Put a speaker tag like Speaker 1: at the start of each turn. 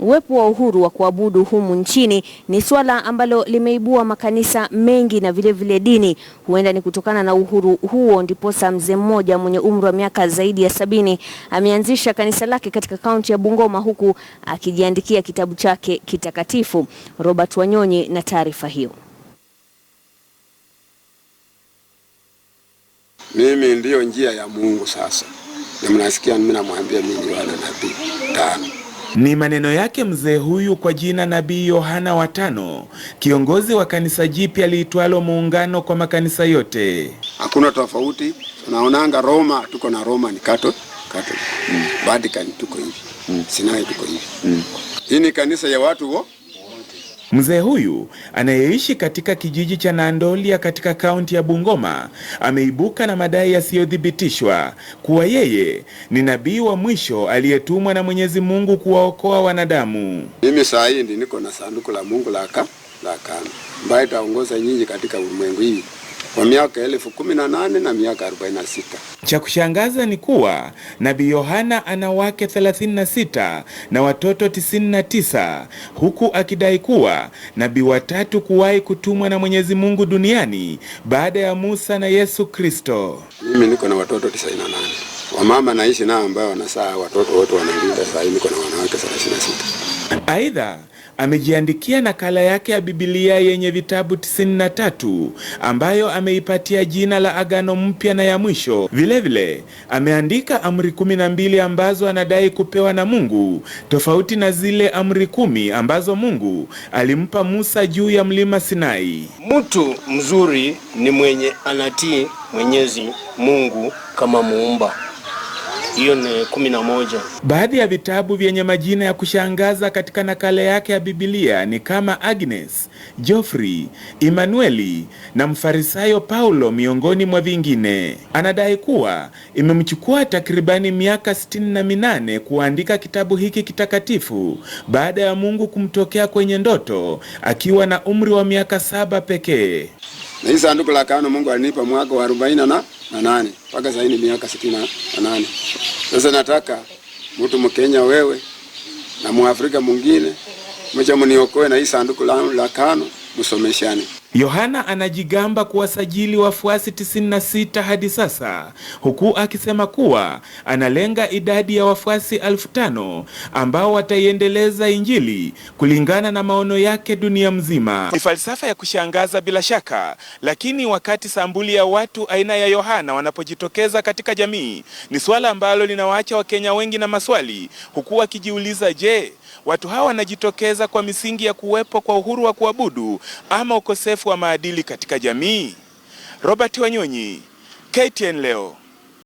Speaker 1: Uwepo wa uhuru wa kuabudu humu nchini ni swala ambalo limeibua makanisa mengi na vilevile vile dini. Huenda ni kutokana na uhuru huo ndiposa mzee mmoja mwenye umri wa miaka zaidi ya sabini ameanzisha kanisa lake katika kaunti ya Bungoma huku akijiandikia kitabu chake kitakatifu. Robert Wanyonyi na taarifa hiyo.
Speaker 2: Mimi ndiyo njia ya Mungu. Sasa na mnasikia mimi namwambia mimi Yohana nabii tano
Speaker 3: ni maneno yake mzee huyu kwa jina Nabii Yohana wa Tano, kiongozi wa kanisa jipya liitwalo Muungano kwa makanisa yote.
Speaker 2: Hakuna tofauti, tunaonanga Roma, tuko na Roma ni kato, Catholic. Mm. Vatican tuko hivi. Mm. Sinai tuko hivi. Mm. Hii ni kanisa ya watu wo
Speaker 3: Mzee huyu anayeishi katika kijiji cha Nandolia katika kaunti ya Bungoma ameibuka na madai yasiyothibitishwa kuwa yeye ni nabii wa mwisho aliyetumwa na Mwenyezi Mungu kuwaokoa wanadamu.
Speaker 2: Mimi saa hii niko na sanduku la Mungu la ka la kale ambayo itaongoza nyinyi katika ulimwengu hii wa miaka elfu kumi na nane na miaka 46.
Speaker 3: Cha kushangaza ni kuwa Nabii Yohana ana wake 36 na watoto 99, huku akidai kuwa nabii watatu kuwahi kutumwa na Mwenyezi Mungu duniani baada ya Musa na Yesu Kristo.
Speaker 2: Mimi niko na watoto 98. Wamama naishi nao ambao wanasaa watoto wote wanalinda, sasa niko na wanawake 36.
Speaker 3: Aidha, amejiandikia nakala yake ya Biblia yenye vitabu 93 ambayo ameipatia jina la Agano Mpya na ya Mwisho. Vilevile ameandika amri kumi na mbili ambazo anadai kupewa na Mungu, tofauti na zile amri kumi ambazo Mungu alimpa Musa juu ya mlima Sinai.
Speaker 4: Mtu mzuri ni mwenye anatii Mwenyezi Mungu kama muumba hiyo ni kumi na moja.
Speaker 3: Baadhi ya vitabu vyenye majina ya kushangaza katika nakala yake ya Biblia ni kama Agnes, Geoffrey, Emanueli na Mfarisayo Paulo miongoni mwa vingine. Anadai kuwa imemchukua takribani miaka sitini na minane kuandika kitabu hiki kitakatifu baada ya Mungu kumtokea kwenye ndoto akiwa na umri wa miaka saba pekee
Speaker 2: na hii sanduku la kano Mungu alinipa mwaka wa arobaini na nane mpaka sasa ni miaka sitini na nane. Sasa nataka mtu Mkenya wewe na Mwafrika mwingine mcha mniokoe na hii sanduku la kano msomeshane.
Speaker 3: Yohana anajigamba kuwasajili wafuasi 96 hadi sasa huku akisema kuwa analenga idadi ya wafuasi elfu tano ambao wataiendeleza Injili kulingana na maono yake dunia mzima.
Speaker 5: Ni falsafa ya kushangaza bila shaka, lakini wakati sambuli ya watu aina ya Yohana wanapojitokeza katika jamii ni suala ambalo linawaacha Wakenya wengi na maswali, huku wakijiuliza, je, watu hawa wanajitokeza kwa misingi ya kuwepo kwa uhuru wa kuabudu ama ukosefu ukosefu wa maadili katika jamii. Robert Wanyonyi, KTN leo.